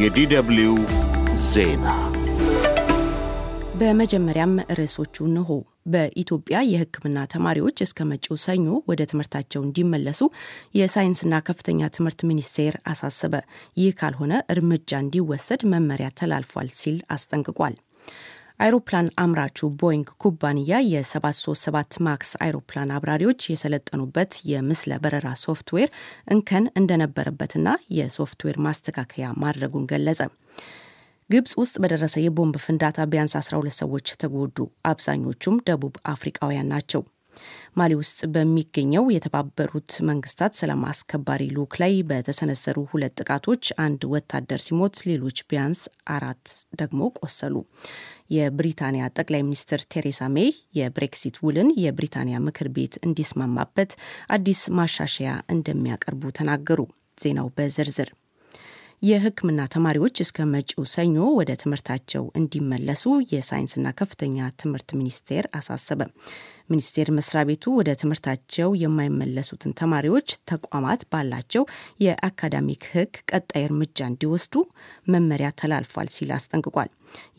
የዲደብልዩ ዜና በመጀመሪያም ርዕሶቹ እንሆ። በኢትዮጵያ የሕክምና ተማሪዎች እስከ መጪው ሰኞ ወደ ትምህርታቸው እንዲመለሱ የሳይንስና ከፍተኛ ትምህርት ሚኒስቴር አሳሰበ። ይህ ካልሆነ እርምጃ እንዲወሰድ መመሪያ ተላልፏል ሲል አስጠንቅቋል። አይሮፕላን አምራቹ ቦይንግ ኩባንያ የ737 ማክስ አይሮፕላን አብራሪዎች የሰለጠኑበት የምስለ በረራ ሶፍትዌር እንከን እንደነበረበትና የሶፍትዌር ማስተካከያ ማድረጉን ገለጸ። ግብጽ ውስጥ በደረሰ የቦምብ ፍንዳታ ቢያንስ 12 ሰዎች ተጎዱ። አብዛኞቹም ደቡብ አፍሪቃውያን ናቸው። ማሊ ውስጥ በሚገኘው የተባበሩት መንግስታት ሰላም አስከባሪ ልዑክ ላይ በተሰነሰሩ ሁለት ጥቃቶች አንድ ወታደር ሲሞት ሌሎች ቢያንስ አራት ደግሞ ቆሰሉ። የብሪታንያ ጠቅላይ ሚኒስትር ቴሬሳ ሜይ የብሬክሲት ውልን የብሪታንያ ምክር ቤት እንዲስማማበት አዲስ ማሻሻያ እንደሚያቀርቡ ተናገሩ። ዜናው በዝርዝር የሕክምና ተማሪዎች እስከ መጪው ሰኞ ወደ ትምህርታቸው እንዲመለሱ የሳይንስና ከፍተኛ ትምህርት ሚኒስቴር አሳሰበ። ሚኒስቴር መስሪያ ቤቱ ወደ ትምህርታቸው የማይመለሱትን ተማሪዎች ተቋማት ባላቸው የአካዳሚክ ሕግ ቀጣይ እርምጃ እንዲወስዱ መመሪያ ተላልፏል ሲል አስጠንቅቋል።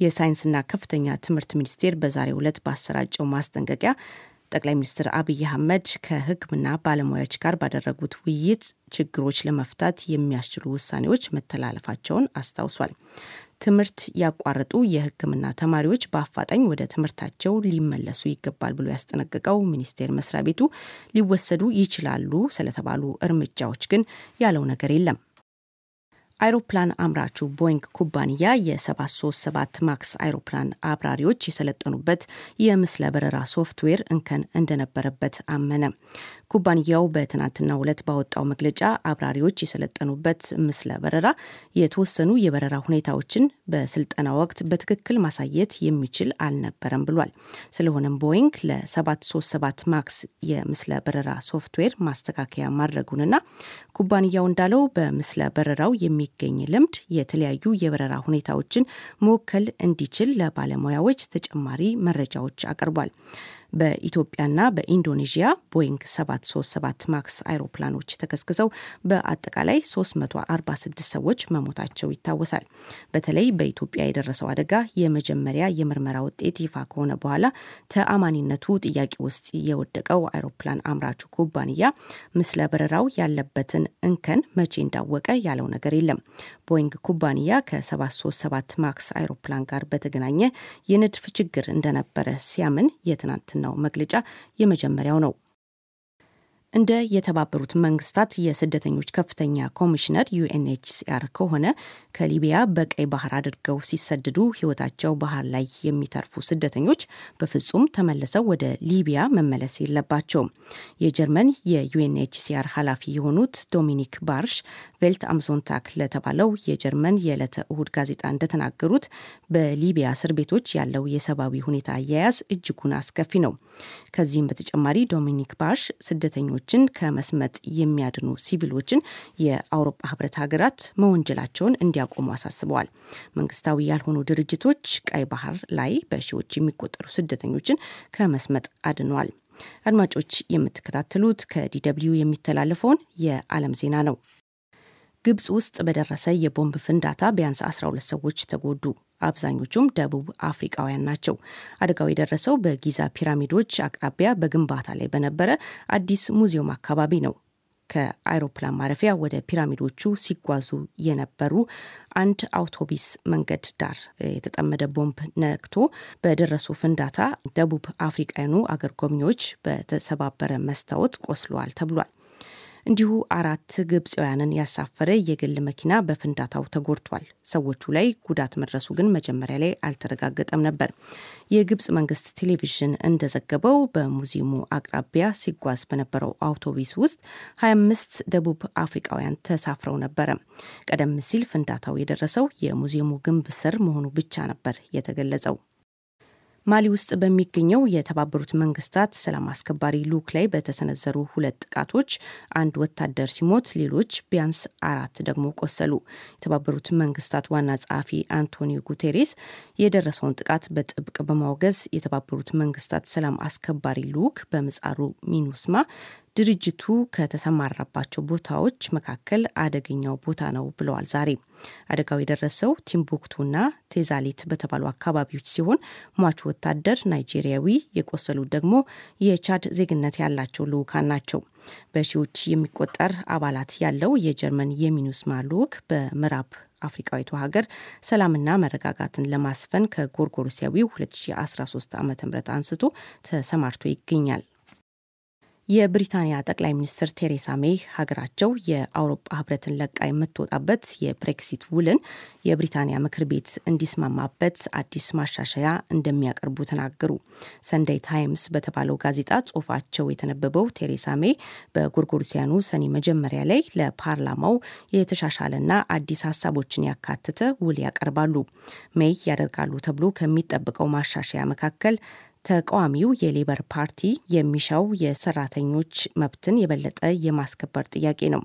የሳይንስና ከፍተኛ ትምህርት ሚኒስቴር በዛሬው ዕለት ባሰራጨው ማስጠንቀቂያ ጠቅላይ ሚኒስትር አብይ አህመድ ከሕክምና ባለሙያዎች ጋር ባደረጉት ውይይት ችግሮች ለመፍታት የሚያስችሉ ውሳኔዎች መተላለፋቸውን አስታውሷል። ትምህርት ያቋረጡ የሕክምና ተማሪዎች በአፋጣኝ ወደ ትምህርታቸው ሊመለሱ ይገባል ብሎ ያስጠነቀቀው ሚኒስቴር መስሪያ ቤቱ ሊወሰዱ ይችላሉ ስለተባሉ እርምጃዎች ግን ያለው ነገር የለም። አይሮፕላን አምራቹ ቦይንግ ኩባንያ የ737 ማክስ አይሮፕላን አብራሪዎች የሰለጠኑበት የምስለ በረራ ሶፍትዌር እንከን እንደነበረበት አመነ። ኩባንያው በትናንትናው ዕለት ባወጣው መግለጫ አብራሪዎች የሰለጠኑበት ምስለ በረራ የተወሰኑ የበረራ ሁኔታዎችን በስልጠና ወቅት በትክክል ማሳየት የሚችል አልነበረም ብሏል። ስለሆነም ቦይንግ ለ737 ማክስ የምስለ በረራ ሶፍትዌር ማስተካከያ ማድረጉንና ኩባንያው እንዳለው በምስለ በረራው የሚገኝ ልምድ የተለያዩ የበረራ ሁኔታዎችን መወከል እንዲችል ለባለሙያዎች ተጨማሪ መረጃዎች አቅርቧል። በኢትዮጵያና በኢንዶኔዥያ ቦይንግ 737 ማክስ አይሮፕላኖች ተከስክሰው በአጠቃላይ 346 ሰዎች መሞታቸው ይታወሳል። በተለይ በኢትዮጵያ የደረሰው አደጋ የመጀመሪያ የምርመራ ውጤት ይፋ ከሆነ በኋላ ተአማኒነቱ ጥያቄ ውስጥ የወደቀው አይሮፕላን አምራቹ ኩባንያ ምስለ በረራው ያለበትን እንከን መቼ እንዳወቀ ያለው ነገር የለም። ቦይንግ ኩባንያ ከ737 ማክስ አይሮፕላን ጋር በተገናኘ የንድፍ ችግር እንደነበረ ሲያምን የትናንት ያወጣነው መግለጫ የመጀመሪያው ነው። እንደ የተባበሩት መንግስታት የስደተኞች ከፍተኛ ኮሚሽነር ዩኤንኤችሲአር ከሆነ ከሊቢያ በቀይ ባህር አድርገው ሲሰደዱ ህይወታቸው ባህር ላይ የሚተርፉ ስደተኞች በፍጹም ተመልሰው ወደ ሊቢያ መመለስ የለባቸውም። የጀርመን የዩኤንኤችሲአር ኃላፊ የሆኑት ዶሚኒክ ባርሽ ቬልት አምሶንታክ ለተባለው የጀርመን የዕለተ እሁድ ጋዜጣ እንደተናገሩት በሊቢያ እስር ቤቶች ያለው የሰብአዊ ሁኔታ አያያዝ እጅጉን አስከፊ ነው። ከዚህም በተጨማሪ ዶሚኒክ ባርሽ ስደተኞች ሙስሊሞችን ከመስመጥ የሚያድኑ ሲቪሎችን የአውሮፓ ህብረት ሀገራት መወንጀላቸውን እንዲያቆሙ አሳስበዋል። መንግስታዊ ያልሆኑ ድርጅቶች ቀይ ባህር ላይ በሺዎች የሚቆጠሩ ስደተኞችን ከመስመጥ አድኗል። አድማጮች የምትከታተሉት ከዲደብልዩ የሚተላለፈውን የዓለም ዜና ነው። ግብፅ ውስጥ በደረሰ የቦምብ ፍንዳታ ቢያንስ 12 ሰዎች ተጎዱ። አብዛኞቹም ደቡብ አፍሪቃውያን ናቸው። አደጋው የደረሰው በጊዛ ፒራሚዶች አቅራቢያ በግንባታ ላይ በነበረ አዲስ ሙዚየም አካባቢ ነው። ከአይሮፕላን ማረፊያ ወደ ፒራሚዶቹ ሲጓዙ የነበሩ አንድ አውቶቢስ መንገድ ዳር የተጠመደ ቦምብ ነክቶ በደረሱ ፍንዳታ ደቡብ አፍሪቃኑ አገር ጎብኚዎች በተሰባበረ መስታወት ቆስለዋል ተብሏል። እንዲሁ አራት ግብፃውያንን ያሳፈረ የግል መኪና በፍንዳታው ተጎድቷል። ሰዎቹ ላይ ጉዳት መድረሱ ግን መጀመሪያ ላይ አልተረጋገጠም ነበር። የግብፅ መንግስት ቴሌቪዥን እንደዘገበው በሙዚየሙ አቅራቢያ ሲጓዝ በነበረው አውቶቡስ ውስጥ 25 ደቡብ አፍሪካውያን ተሳፍረው ነበረ። ቀደም ሲል ፍንዳታው የደረሰው የሙዚየሙ ግንብ ስር መሆኑ ብቻ ነበር የተገለጸው። ማሊ ውስጥ በሚገኘው የተባበሩት መንግስታት ሰላም አስከባሪ ልዑክ ላይ በተሰነዘሩ ሁለት ጥቃቶች አንድ ወታደር ሲሞት ሌሎች ቢያንስ አራት ደግሞ ቆሰሉ። የተባበሩት መንግስታት ዋና ጸሐፊ አንቶኒዮ ጉቴሬስ የደረሰውን ጥቃት በጥብቅ በማውገዝ የተባበሩት መንግስታት ሰላም አስከባሪ ልዑክ በምጻሩ ሚኑስማ ድርጅቱ ከተሰማራባቸው ቦታዎች መካከል አደገኛው ቦታ ነው ብለዋል። ዛሬ አደጋው የደረሰው ቲምቡክቱና ቴዛሊት በተባሉ አካባቢዎች ሲሆን ሟቹ ወታደር ናይጄሪያዊ፣ የቆሰሉ ደግሞ የቻድ ዜግነት ያላቸው ልዑካን ናቸው። በሺዎች የሚቆጠር አባላት ያለው የጀርመን የሚኑስማ ልዑክ በምዕራብ አፍሪካዊቱ ሀገር ሰላምና መረጋጋትን ለማስፈን ከጎርጎሮሲያዊው 2013 ዓ ም አንስቶ ተሰማርቶ ይገኛል። የብሪታንያ ጠቅላይ ሚኒስትር ቴሬሳ ሜይ ሀገራቸው የአውሮፓ ህብረትን ለቃ የምትወጣበት የብሬክሲት ውልን የብሪታንያ ምክር ቤት እንዲስማማበት አዲስ ማሻሻያ እንደሚያቀርቡ ተናገሩ። ሰንደይ ታይምስ በተባለው ጋዜጣ ጽሁፋቸው የተነበበው ቴሬሳ ሜይ በጎርጎርሲያኑ ሰኔ መጀመሪያ ላይ ለፓርላማው የተሻሻለና አዲስ ሀሳቦችን ያካተተ ውል ያቀርባሉ። ሜይ ያደርጋሉ ተብሎ ከሚጠበቀው ማሻሻያ መካከል ተቃዋሚው የሌበር ፓርቲ የሚሻው የሰራተኞች መብትን የበለጠ የማስከበር ጥያቄ ነው።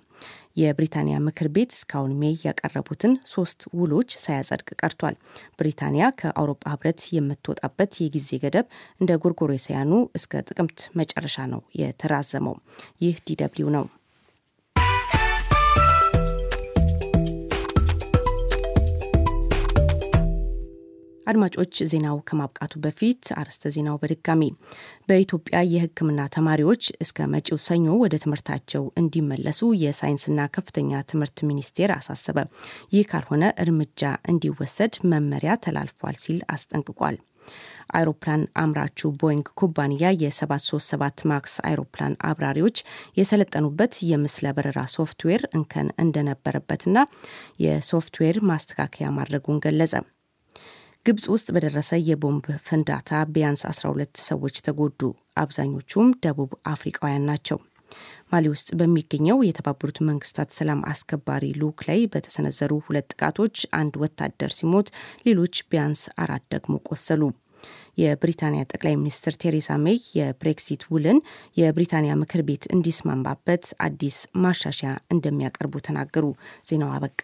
የብሪታንያ ምክር ቤት እስካሁን ሜይ ያቀረቡትን ሶስት ውሎች ሳያጸድቅ ቀርቷል። ብሪታንያ ከአውሮፓ ህብረት የምትወጣበት የጊዜ ገደብ እንደ ጎርጎሮሳውያኑ እስከ ጥቅምት መጨረሻ ነው የተራዘመው። ይህ ዲደብሊው ነው። አድማጮች ዜናው ከማብቃቱ በፊት አርዕስተ ዜናው በድጋሚ በኢትዮጵያ የሕክምና ተማሪዎች እስከ መጪው ሰኞ ወደ ትምህርታቸው እንዲመለሱ የሳይንስና ከፍተኛ ትምህርት ሚኒስቴር አሳሰበ። ይህ ካልሆነ እርምጃ እንዲወሰድ መመሪያ ተላልፏል ሲል አስጠንቅቋል። አይሮፕላን አምራቹ ቦይንግ ኩባንያ የ737 ማክስ አይሮፕላን አብራሪዎች የሰለጠኑበት የምስለ በረራ ሶፍትዌር እንከን እንደነበረበትና የሶፍትዌር ማስተካከያ ማድረጉን ገለጸ። ግብፅ ውስጥ በደረሰ የቦምብ ፍንዳታ ቢያንስ 12 ሰዎች ተጎዱ። አብዛኞቹም ደቡብ አፍሪቃውያን ናቸው። ማሊ ውስጥ በሚገኘው የተባበሩት መንግስታት ሰላም አስከባሪ ልዑክ ላይ በተሰነዘሩ ሁለት ጥቃቶች አንድ ወታደር ሲሞት ሌሎች ቢያንስ አራት ደግሞ ቆሰሉ። የብሪታንያ ጠቅላይ ሚኒስትር ቴሬሳ ሜይ የብሬክሲት ውልን የብሪታንያ ምክር ቤት እንዲስማማበት አዲስ ማሻሻያ እንደሚያቀርቡ ተናገሩ። ዜናው አበቃ።